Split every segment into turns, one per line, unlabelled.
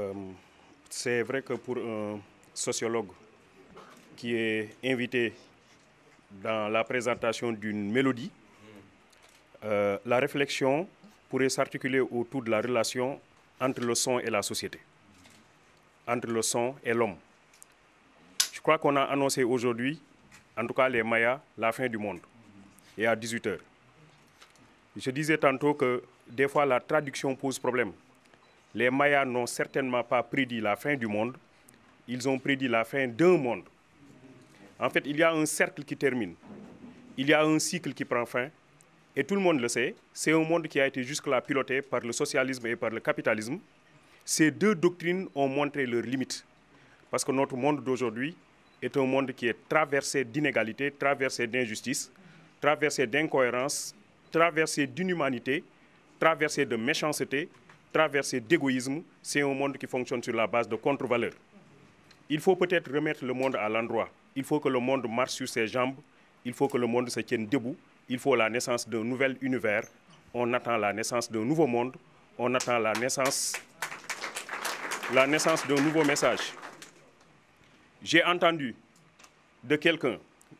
Euh, c'est vrai que pour un sociologue qui est invité dans la présentation d'une mélodie, euh, la réflexion pourrait s'articuler autour de la relation entre le son et la société, entre le son et l'homme. Je crois qu'on a annoncé aujourd'hui, en tout cas les Mayas, la fin du monde, et à 18 heures Je disais tantôt que des fois la traduction pose problème. Les Mayas n'ont certainement pas prédit la fin du monde, ils ont prédit la fin d'un monde. En fait, il y a un cercle qui termine, il y a un cycle qui prend fin, et tout le monde le sait, c'est un monde qui a été jusque-là piloté par le socialisme et par le capitalisme. Ces deux doctrines ont montré leurs limites, parce que notre monde d'aujourd'hui est un monde qui est traversé d'inégalités, traversé d'injustices, traversé d'incohérences, traversé d'inhumanité, traversé de méchanceté, Traversé d'égoïsme, c'est un monde qui fonctionne sur la base de contre-valeurs. Il faut peut-être remettre le monde à l'endroit. Il faut que le monde marche sur ses jambes. Il faut que le monde se tienne debout. Il faut la naissance d'un nouvel univers. On attend la naissance d'un nouveau monde. On attend la naissance, la naissance d'un nouveau message. J'ai entendu de quelqu'un,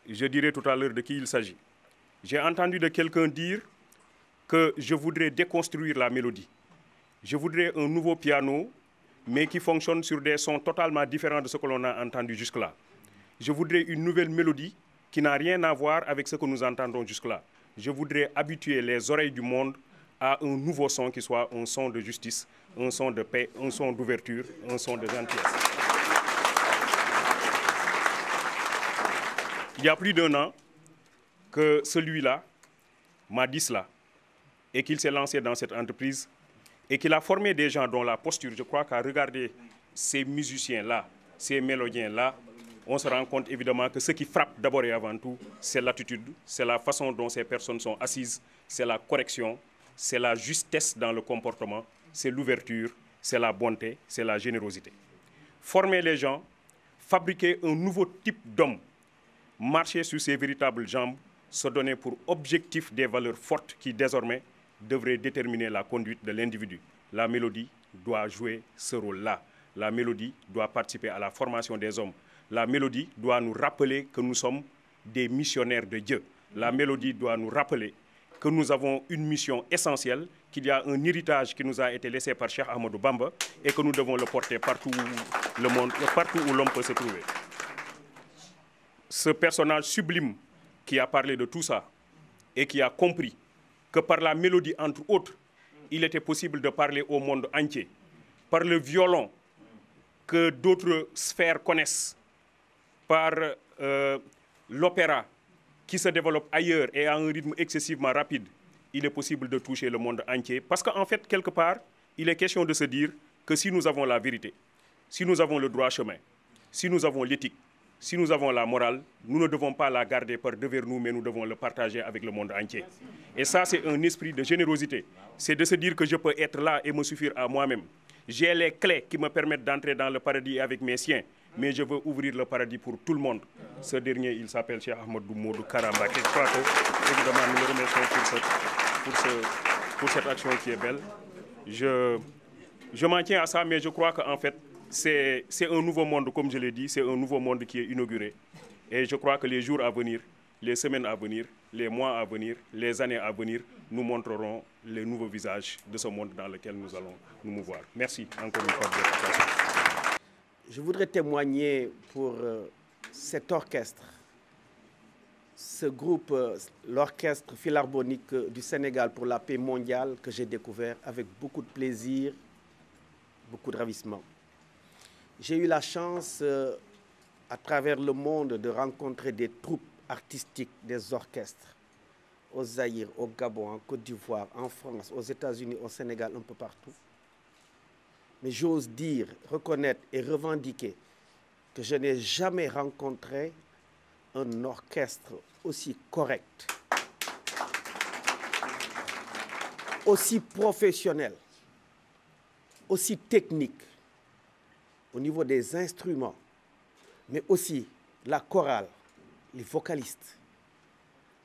je dirai tout à l'heure de qui il s'agit, j'ai entendu de quelqu'un dire que je voudrais déconstruire la mélodie je voudrais un nouveau piano, mais qui fonctionne sur des sons totalement différents de ce que l'on a entendu jusque-là. Je voudrais une nouvelle mélodie qui n'a rien à voir avec ce que nous entendons jusque-là. Je voudrais habituer les oreilles du monde à un nouveau son qui soit un son de justice, un son de paix, un son d'ouverture, un son de gentillesse. Il y a plus d'un an que celui-là m'a dit cela et qu'il s'est lancé dans cette entreprise et qu'il a formé des gens dont la posture, je crois qu'à regarder ces musiciens-là, ces mélodiens-là, on se rend compte évidemment que ce qui frappe d'abord et avant tout, c'est l'attitude, c'est la façon dont ces personnes sont assises, c'est la correction, c'est la justesse dans le comportement, c'est l'ouverture, c'est la bonté, c'est la générosité. Former les gens, fabriquer un nouveau type d'homme, marcher sur ses véritables jambes, se donner pour objectif des valeurs fortes qui désormais devrait déterminer la conduite de l'individu. La mélodie doit jouer ce rôle-là. La mélodie doit participer à la formation des hommes. La mélodie doit nous rappeler que nous sommes des missionnaires de Dieu. La mélodie doit nous rappeler que nous avons une mission essentielle, qu'il y a un héritage qui nous a été laissé par Cheikh Ahmadou Bamba et que nous devons le porter partout où le monde, partout où l'homme peut se trouver. Ce personnage sublime qui a parlé de tout ça et qui a compris que par la mélodie, entre autres, il était possible de parler au monde entier. Par le violon que d'autres sphères connaissent, par euh, l'opéra qui se développe ailleurs et à un rythme excessivement rapide, il est possible de toucher le monde entier. Parce qu'en fait, quelque part, il est question de se dire que si nous avons la vérité, si nous avons le droit chemin, si nous avons l'éthique, si nous avons la morale, nous ne devons pas la garder par devers nous, mais nous devons le partager avec le monde entier. Et ça, c'est un esprit de générosité. C'est de se dire que je peux être là et me suffire à moi-même. J'ai les clés qui me permettent d'entrer dans le paradis avec mes siens, mais je veux ouvrir le paradis pour tout le monde. Ce dernier, il s'appelle Cheikh Ahmadou Moudou Karamba. évidemment, nous le remercions pour, pour, cette action qui est belle. Je, je m'en tiens à ça, mais je crois qu'en fait, c'est un nouveau monde, comme je l'ai dit, c'est un nouveau monde qui est inauguré. Et je crois que les jours à venir, les semaines à venir, les mois à venir, les années à venir, nous montrerons les nouveaux visages de ce monde dans lequel nous allons nous mouvoir. Merci encore une fois de votre
attention. Je voudrais témoigner pour euh, cet orchestre, ce groupe, euh, l'Orchestre Philharmonique euh, du Sénégal pour la paix mondiale que j'ai découvert avec beaucoup de plaisir, beaucoup de ravissement. J'ai eu la chance, euh, à travers le monde, de rencontrer des troupes artistiques, des orchestres, au Zaïre, au Gabon, en Côte d'Ivoire, en France, aux États-Unis, au Sénégal, un peu partout. Mais j'ose dire, reconnaître et revendiquer que je n'ai jamais rencontré un orchestre aussi correct, aussi professionnel, aussi technique au niveau des instruments, mais aussi la chorale, les vocalistes.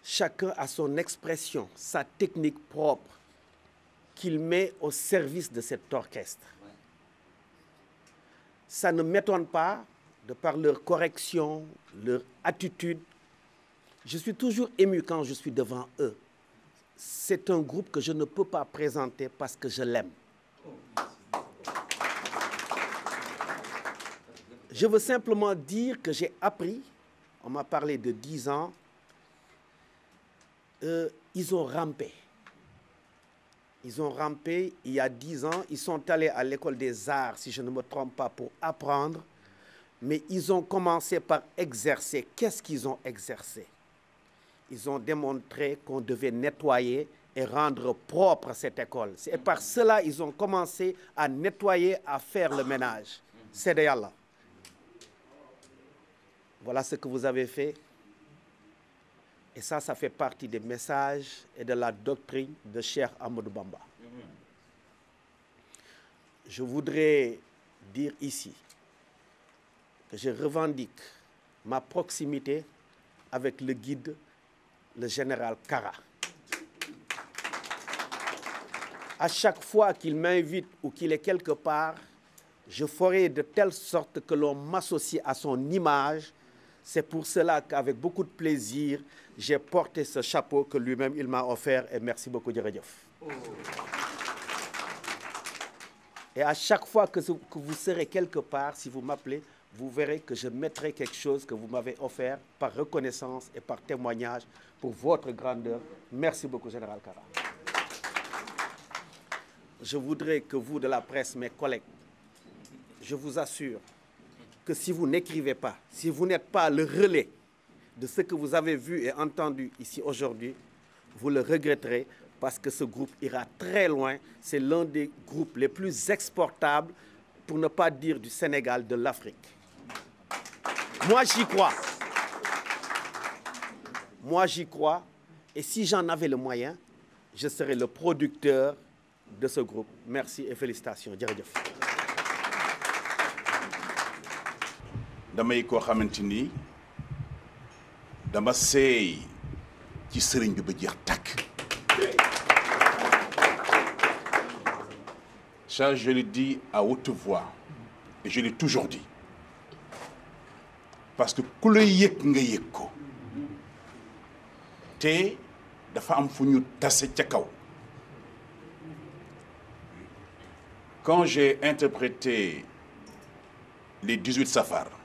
Chacun a son expression, sa technique propre qu'il met au service de cet orchestre. Ça ne m'étonne pas, de par leur correction, leur attitude. Je suis toujours ému quand je suis devant eux. C'est un groupe que je ne peux pas présenter parce que je l'aime. Je veux simplement dire que j'ai appris, on m'a parlé de 10 ans, euh, ils ont rampé. Ils ont rampé il y a 10 ans, ils sont allés à l'école des arts, si je ne me trompe pas, pour apprendre, mais ils ont commencé par exercer. Qu'est-ce qu'ils ont exercé Ils ont démontré qu'on devait nettoyer et rendre propre cette école. Et par cela, ils ont commencé à nettoyer, à faire le ménage. C'est de là. Voilà ce que vous avez fait. Et ça, ça fait partie des messages et de la doctrine de Cher Amadou Bamba. Je voudrais dire ici que je revendique ma proximité avec le guide, le général Kara. À chaque fois qu'il m'invite ou qu'il est quelque part, je ferai de telle sorte que l'on m'associe à son image c'est pour cela qu'avec beaucoup de plaisir, j'ai porté ce chapeau que lui-même il m'a offert et merci beaucoup Djeredjof. Et à chaque fois que, vous serez quelque part, si vous m'appelez, vous verrez que je mettrai quelque chose que vous m'avez offert par reconnaissance et par témoignage pour votre grandeur. Merci beaucoup, Général Kara. Je voudrais que vous de la presse, mes collègues, je vous assure que si vous n'écrivez pas, si vous n'êtes pas le relais de ce que vous avez vu et entendu ici aujourd'hui, vous le regretterez parce que ce groupe ira très loin. C'est l'un des groupes les plus exportables, pour ne pas dire du Sénégal, de l'Afrique. Moi, j'y crois. Moi, j'y crois. Et si j'en avais le moyen, je serais le producteur de ce groupe. Merci et félicitations.
damay ko xamante dama sey ci serigne bi ba ça je le dis à haute voix et je l'ai toujours dit parce que ku yek nga yëg te dafa am kaw quand j'ai interprété les 18 safars..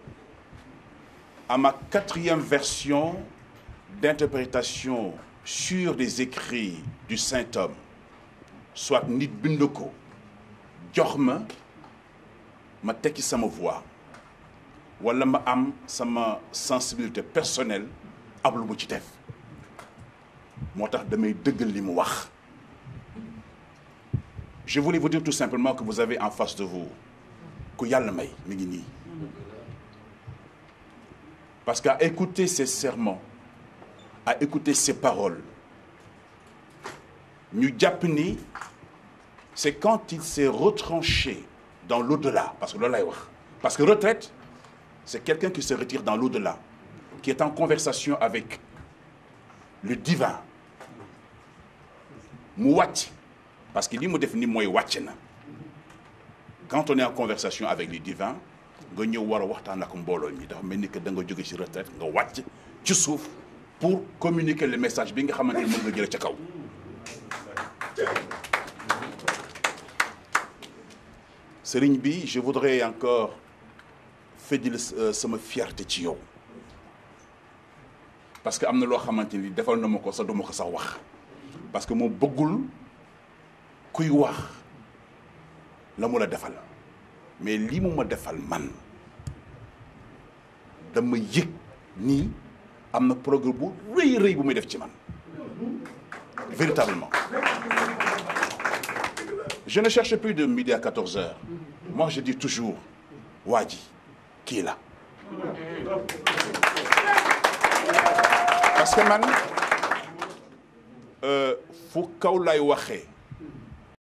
à ma quatrième version d'interprétation sur des écrits du saint homme, soit Nid bind ma ma tekki ma voix walla ma am sama sensibilité personnelle à je voulais vous dire tout simplement que vous avez en face de vous que yàlla may parce qu'à écouter ses serments, à écouter ses paroles, nous japonais, c'est quand il s'est retranché dans l'au-delà. Parce que parce que retraite, c'est quelqu'un qui se retire dans l'au-delà, qui est en conversation avec le divin. Mouati. Parce qu'il dit, moi définit moi hein. Quand on est en conversation avec le divin, nga ñëw war a waxtaan ak mbooloo mi dafa mel ni que da nga jóge ci retraite nga wàcc ci suuf pour communiquer le message bi nga xamante ni mën nga jëlee ca kaw. Serigne bi je voudrais encore fédil euh, sama fierté ci yow parce que am na loo xamante ni defal na ma ko sa duma ko sax wax parce que moo bëggul kuy wax la mu la defal mais ce que je defal man dama yëg nii am progrès bu reuy bu def man véritablement je ne cherche plus de midi à 14 heures moi je dis toujours Wadi, qui est là parce que man euh, fou kaw lay waxee